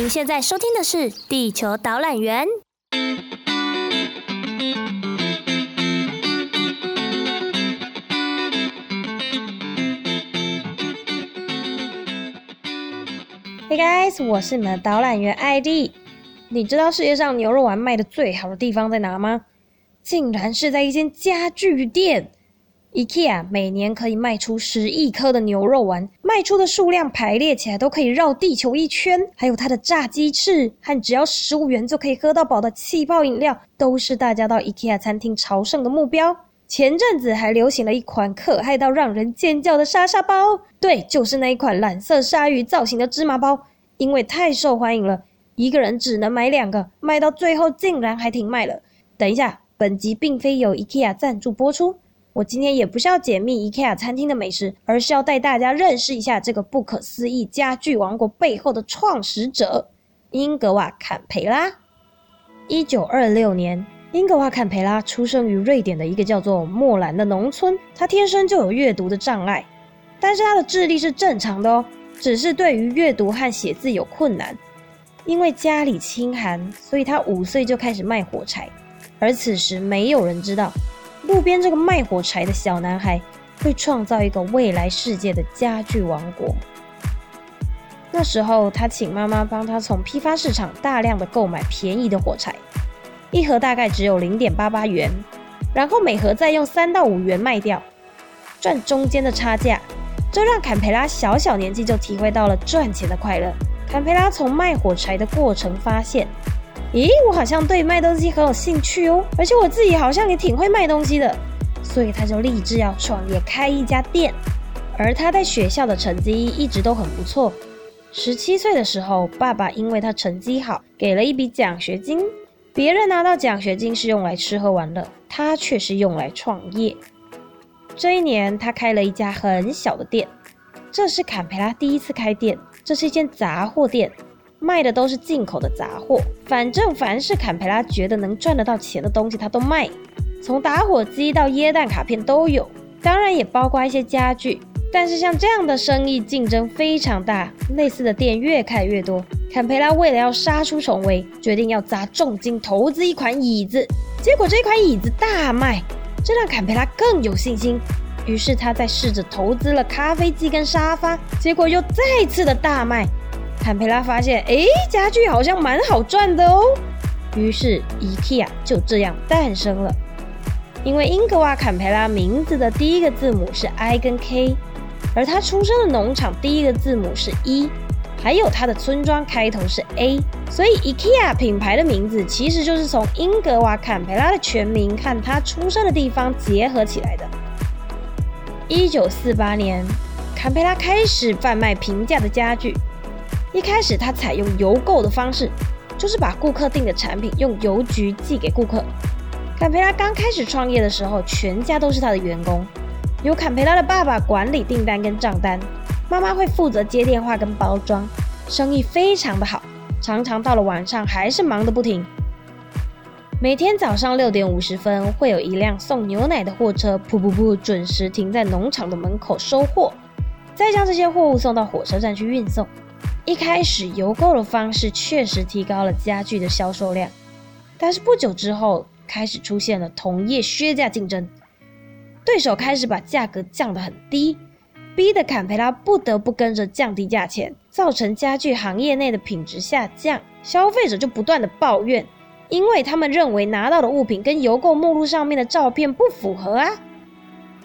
您現在收聽的是《地球導覽員》。Hey guys，我是你們的導覽員艾莉。你知道世界上牛肉丸賣的最好的地方在哪嗎？竟然是在一間家具店！IKEA 每年可以賣出十億顆的牛肉丸，賣出的數量排列起來都可以繞地球一圈。還有它的炸雞翅和只要十五元就可以喝到飽的氣泡飲料，都是大家到 IKEA 餐廳朝聖的目標。前陣子還流行了一款可愛到讓人尖叫的鯊鯊包，對，就是那一款藍色鯊魚造型的芝麻包。因為太受歡迎了，一個人只能買兩個，賣到最後竟然還停賣了。等一下，本集並非由 IKEA 贊助播出。我今天也不是要解密 IKEA 餐廳的美食，而是要帶大家認識一下這個不可思議家具王國背後的創始者——英格瓦·坎培拉。1926年，英格瓦·坎培拉出生於瑞典的一個叫做莫蘭的農村。他天生就有閱讀的障礙，但是他的智力是正常的哦，只是對於閱讀和寫字有困難。因為家裡清寒，所以他五歲就開始賣火柴。而此時，沒有人知道。路邊這個賣火柴的小男孩會創造一個未來世界的家具王國。那時候，他請媽媽幫他從批發市場大量的購買便宜的火柴，一盒大概只有零點八八元，然後每盒再用三到五元賣掉，賺中間的差價。這讓坎培拉小小年紀就體會到了賺錢的快樂。坎培拉從賣火柴的過程發現。咦，我好像對賣東西很有興趣哦，而且我自己好像也挺會賣東西的，所以他就立志要創業開一家店。而他在學校的成績一直都很不錯，十七歲的時候，爸爸因為他成績好，給了一筆獎學金。別人拿到獎學金是用來吃喝玩樂，他卻是用來創業。這一年，他開了一家很小的店，這是坎培拉第一次開店，這是一間雜貨店。賣的都是進口的雜貨，反正凡是坎培拉覺得能賺得到錢的東西，他都賣，從打火機到耶誕卡片都有，當然也包括一些家具。但是像這樣的生意競爭非常大，類似的店越開越多。坎培拉為了要殺出重圍，決定要砸重金投資一款椅子，結果這款椅子大賣，這讓坎培拉更有信心。於是他再試着投資了咖啡機跟沙發，結果又再次的大賣。坎培拉發現，哎、欸，家具好像蠻好賺的哦。於是，IKEA 就這樣誕生了。因為英格瓦·坎培拉名字的第一個字母是 I 跟 K，而他出生的農場第一個字母是 E，還有他的村莊開頭是 A，所以 IKEA 品牌的名字其實就是從英格瓦·坎培拉的全名和他出生的地方結合起來的。一九四八年，坎培拉開始販賣平價的家具。一開始，他採用郵購的方式，就是把顧客訂的產品用郵局寄給顧客。坎培拉剛開始創業的時候，全家都是他的員工，由坎培拉的爸爸管理訂單跟賬單，媽媽會負責接電話跟包裝，生意非常的好，常常到了晚上還是忙得不停。每天早上六點五十分，會有一輛送牛奶的貨車，噗噗噗準時停在農場的門口收貨，再將這些貨物送到火車站去運送。一開始郵購的方式確實提高了家具的銷售量，但是不久之後開始出現了同業削價競爭，對手開始把價格降得很低，逼得坎培拉不得不跟着降低價錢，造成家具行業內的品質下降，消費者就不斷的抱怨，因為他們認為拿到的物品跟郵購目錄上面的照片不符合啊。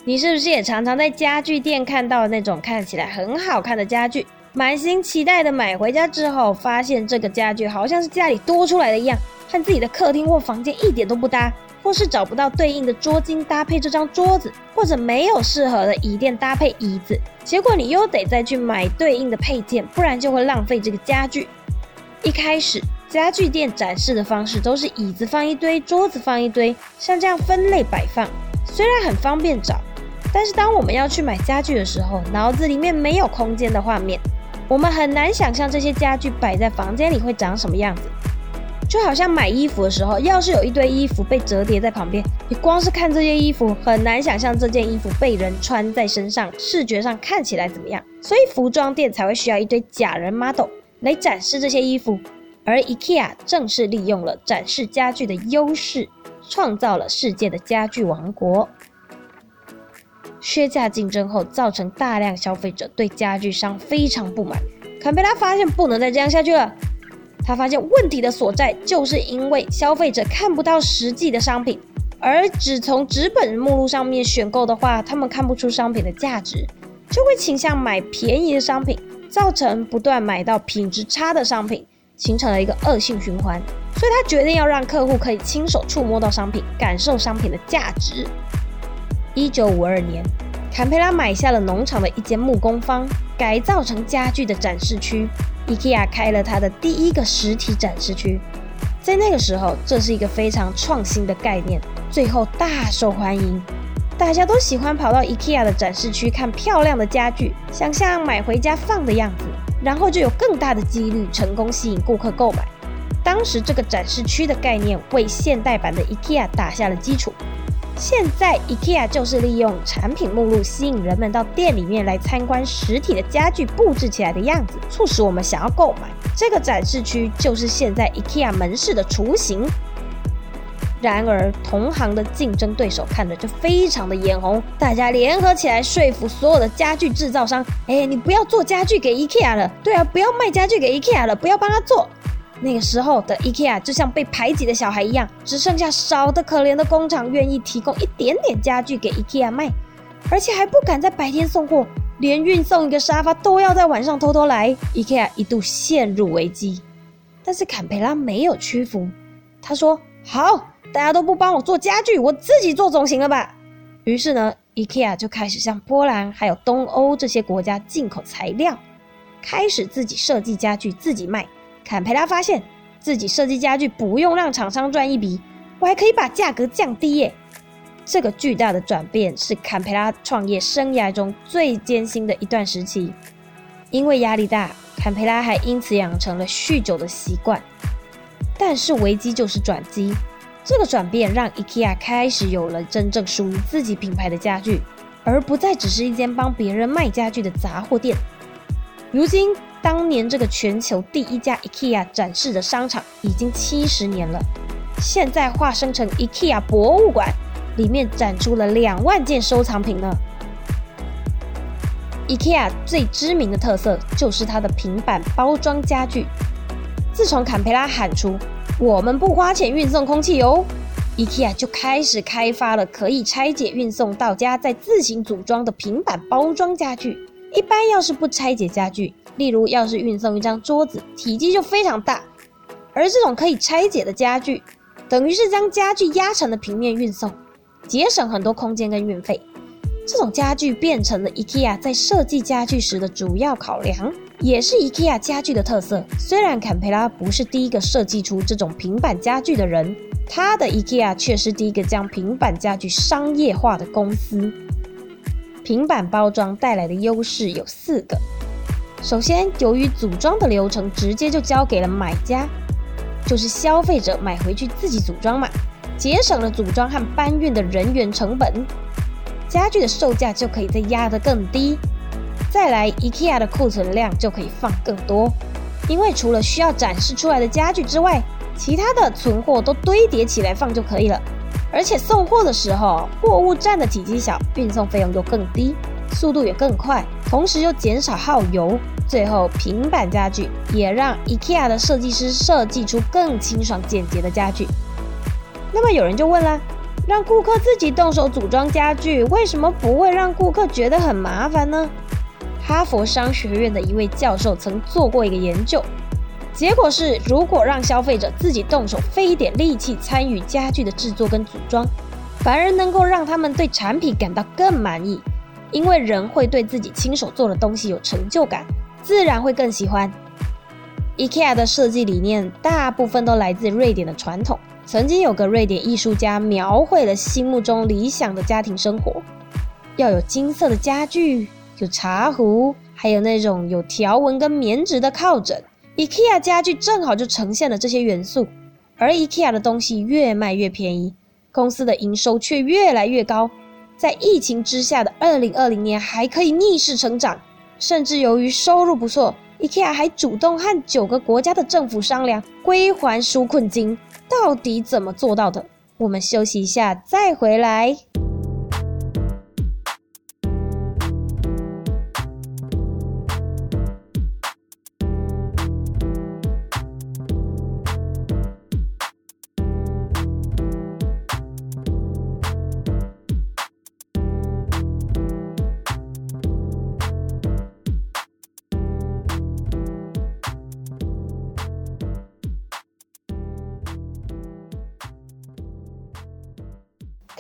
你是不是也常常在家具店看到那種看起來很好看的家具？滿心期待的買回家之後，發現這個家具好像是家裡多出來的一樣，和自己的客廳或房間一點都不搭，或是找不到對應的桌巾搭配這張桌子，或者沒有適合的椅墊搭配椅子，結果你又得再去買對應的配件，不然就會浪費這個家具。一開始家具店展示的方式都是椅子放一堆，桌子放一堆，像這樣分類擺放，雖然很方便找，但是當我們要去買家具的時候，腦子裡面沒有空間的畫面。我們很難想象這些家具擺在房間裡會長什麼樣子，就好像買衣服的時候，要是有一堆衣服被折疊在旁邊，你光是看這件衣服，很難想象這件衣服被人穿在身上，視覺上看起來怎麼樣。所以服裝店才會需要一堆假人 model 來展示這些衣服，而 IKEA 正是利用了展示家具的優勢，創造了世界的家具王國。削價競爭後，造成大量消費者對家具商非常不滿。坎貝拉發現不能再這樣下去了。他發現問題的所在，就是因為消費者看不到實際的商品，而只從紙本目錄上面選購的話，他們看不出商品的價值，就會傾向買便宜的商品，造成不斷買到品質差的商品，形成了一個惡性循環。所以他決定要讓客戶可以親手觸摸到商品，感受商品的價值。一九五二年，坎培拉買下了農場的一間木工坊，改造成家具的展示區。IKEA 開了它的第一個實體展示區，在那個時候，這是一個非常創新的概念，最後大受歡迎。大家都喜歡跑到 IKEA 的展示區看漂亮的家具，想象買回家放的樣子，然後就有更大的幾率成功吸引顧客購買。當時這個展示區的概念為現代版的 IKEA 打下了基礎。現在 IKEA 就是利用產品目錄吸引人們到店裡面來參觀實體的家具布置起來的樣子，促使我們想要購買。這個展示區就是現在 IKEA 門市的雛形。然而，同行的競爭對手看着就非常的眼紅，大家聯合起來說服所有的家具製造商：“哎，你不要做家具給 IKEA 了，對啊，不要賣家具給 IKEA 了，不要幫他做。”那個時候的 IKEA 就像被排擠的小孩一樣，只剩下少得可憐的工廠願意提供一點點家具給 IKEA 賣，而且還不敢在白天送貨，連運送一個沙發都要在晚上偷偷來。IKEA 一度陷入危機，但是坎培拉沒有屈服。他說：“好，大家都不幫我做家具，我自己做總行了吧？”於是呢，IKEA 就開始向波蘭還有東歐這些國家進口材料，開始自己設計家具，自己賣。坎培拉發現自己設計家具不用讓廠商賺一筆，我還可以把價格降低耶。這個巨大的轉變是坎培拉創業生涯中最艱辛的一段時期，因為壓力大，坎培拉還因此養成了酗酒的習慣。但是危機就是轉機，這個轉變讓 IKEA 開始有了真正屬於自己品牌的家具，而不再只是一間幫別人賣家具的雜貨店。如今，當年這個全球第一家 IKEA 展示的商場已經七十年了，現在化身成 IKEA 博物館，裡面展出了兩萬件收藏品呢。IKEA 最知名的特色就是它的平板包裝家具。自從坎培拉喊出“我們不花錢運送空氣哦 ”，IKEA 就開始開發了可以拆解運送到家再自行組裝的平板包裝家具。一般要是不拆解家具，例如，要是運送一張桌子，體積就非常大。而這種可以拆解的家具，等於是將家具壓成了平面運送，節省很多空間跟運費。這種家具變成了 IKEA 在設計家具時的主要考量，也是 IKEA 家具的特色。雖然坎培拉不是第一個設計出這種平板家具的人，他的 IKEA 卻是第一個將平板家具商業化的公司。平板包裝帶來的優勢有四個。首先，由於組裝的流程直接就交給了買家，就是消費者買回去自己組裝嘛，節省了組裝和搬運的人員成本，家具的售價就可以再壓得更低。再來，IKEA 的庫存量就可以放更多，因為除了需要展示出來的家具之外，其他的存貨都堆疊起來放就可以了。而且送貨的時候，貨物占的體積小，運送費用就更低，速度也更快，同時又減少耗油。最後，平板家具也讓 IKEA 的設計師設計出更清爽簡潔的家具。那麼有人就問了：讓顧客自己動手組裝家具，為什麼不會讓顧客覺得很麻煩呢？哈佛商學院的一位教授曾做過一個研究，結果是，如果讓消費者自己動手費一點力氣參與家具的制作跟組裝，反而能夠讓他們對產品感到更滿意，因為人會對自己親手做的東西有成就感。自然會更喜歡。IKEA 的設計理念大部分都來自瑞典的傳統。曾經有個瑞典藝術家描繪了心目中理想的家庭生活，要有金色的家具，有茶壺，還有那種有條紋跟棉質的靠枕。IKEA 家具正好就呈現了這些元素。而 IKEA 的東西越賣越便宜，公司的營收卻越來越高。在疫情之下的二零二零年，還可以逆勢成長。甚至由於收入不錯，IKEA 還主動和九個國家的政府商量，歸還紓困金。到底怎麼做到的？我們休息一下，再回來。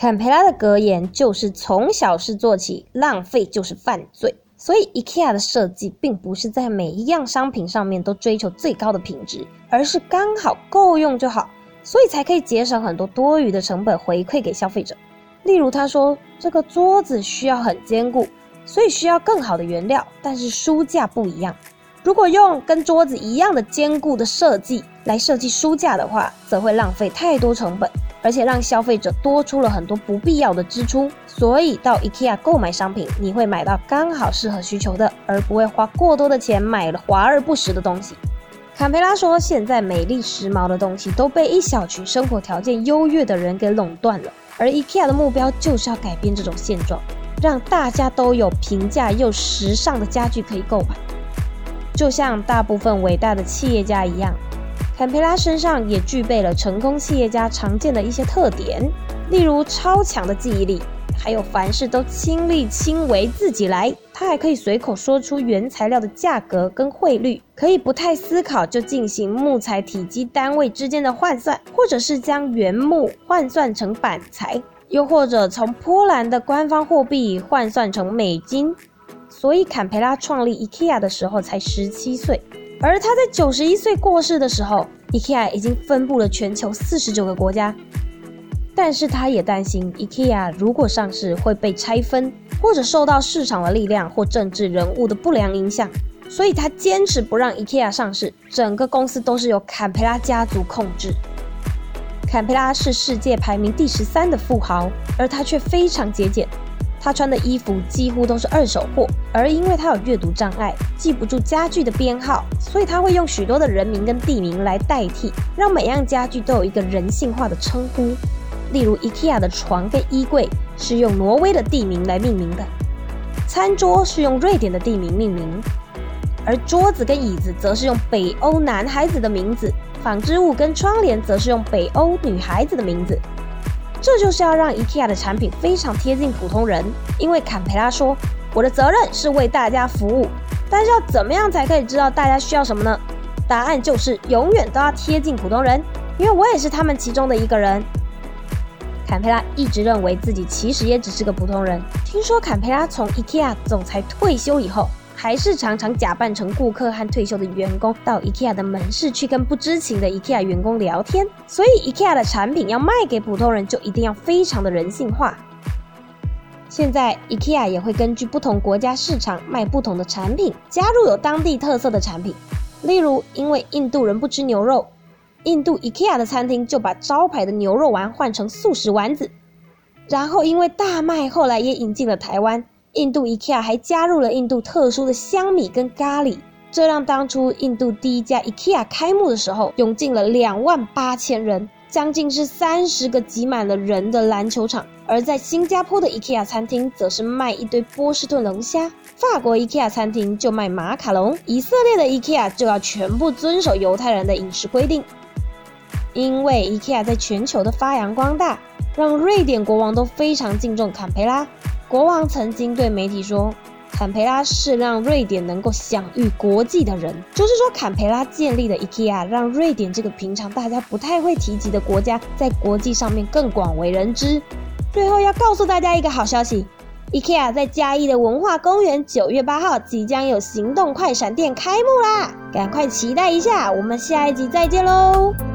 坎培拉的格言就是從小事做起，浪費就是犯罪。所以 IKEA 的設計並不是在每一樣商品上面都追求最高的品質，而是剛好夠用就好，所以才可以節省很多多餘的成本回饋給消費者。例如，他說這個桌子需要很堅固，所以需要更好的原料，但是書架不一樣。如果用跟桌子一樣的堅固的設計來設計書架的話，則會浪費太多成本。而且讓消費者多出了很多不必要的支出，所以到 IKEA 購買商品，你會買到剛好適合需求的，而不會花過多的錢買了華而不實的東西。坎培拉說，現在美麗時髦的東西都被一小群生活條件優越的人給壟斷了，而 IKEA 的目標就是要改變這種現狀，讓大家都有平價又時尚的家具可以購買。就像大部分偉大的企業家一樣。坎培拉身上也具備了成功企業家常見的一些特點，例如超強的記憶力，還有凡事都親力親為自己來。他還可以隨口說出原材料的價格跟匯率，可以不太思考就進行木材體積單位之間的換算，或者是將原木換算成板材，又或者從波蘭的官方貨幣換算成美金。所以，坎培拉創立 IKEA 的時候才十七歲。而他在九十一歲過世的時候，IKEA 已經分布了全球四十九個國家，但是他也擔心 IKEA 如果上市會被拆分，或者受到市場的力量或政治人物的不良影響，所以他堅持不讓 IKEA 上市，整個公司都是由坎培拉家族控制。坎培拉是世界排名第十三的富豪，而他卻非常節儉。他穿的衣服幾乎都是二手貨，而因為他有閱讀障礙，記不住家具的編號，所以他會用許多的人名跟地名來代替，讓每樣家具都有一個人性化的稱呼。例如，IKEA 的床跟衣櫃是用挪威的地名來命名的，餐桌是用瑞典的地名命名，而桌子跟椅子則是用北歐男孩子的名字，紡織物跟窗簾則是用北歐女孩子的名字。這就是要讓 IKEA 的產品非常貼近普通人，因為坎佩拉說：“我的責任是為大家服務，但是要怎麼樣才可以知道大家需要什麼呢？答案就是永遠都要貼近普通人，因為我也是他們其中的一個人。”坎佩拉一直認為自己其實也只是個普通人。聽說坎佩拉從 IKEA 總裁退休以後，還是常常假扮成顧客和退休的員工到 IKEA 的門市去跟不知情的 IKEA 員工聊天，所以 IKEA 的產品要賣給普通人就一定要非常的人性化。現在 IKEA 也會根據不同國家市場賣不同的產品，加入有當地特色的產品，例如因為印度人不吃牛肉，印度 IKEA 的餐廳就把招牌的牛肉丸換成素食丸子，然後因為大賣後來也引進了台灣。印度 IKEA 還加入了印度特殊的香米跟咖喱，這讓當初印度第一家 IKEA 開幕的時候，湧進了兩萬八千人，將近是三十個擠滿了人的籃球場。而在新加坡的 IKEA 餐廳則是賣一堆波士頓龍蝦，法國 IKEA 餐廳就賣馬卡龍，以色列的 IKEA 就要全部遵守猶太人的飲食規定。因為 IKEA 在全球的發揚光大，讓瑞典國王都非常敬重坎培拉。國王曾經對媒體說：“坎培拉是讓瑞典能夠享譽國際的人。”就是說，坎培拉建立的 IKEA 讓瑞典這個平常大家不太會提及的國家，在國際上面更廣為人知。最後要告訴大家一個好消息：IKEA 在嘉義的文化公園九月八號即將有行動快閃店開幕啦！趕快期待一下，我們下一集再見嘍！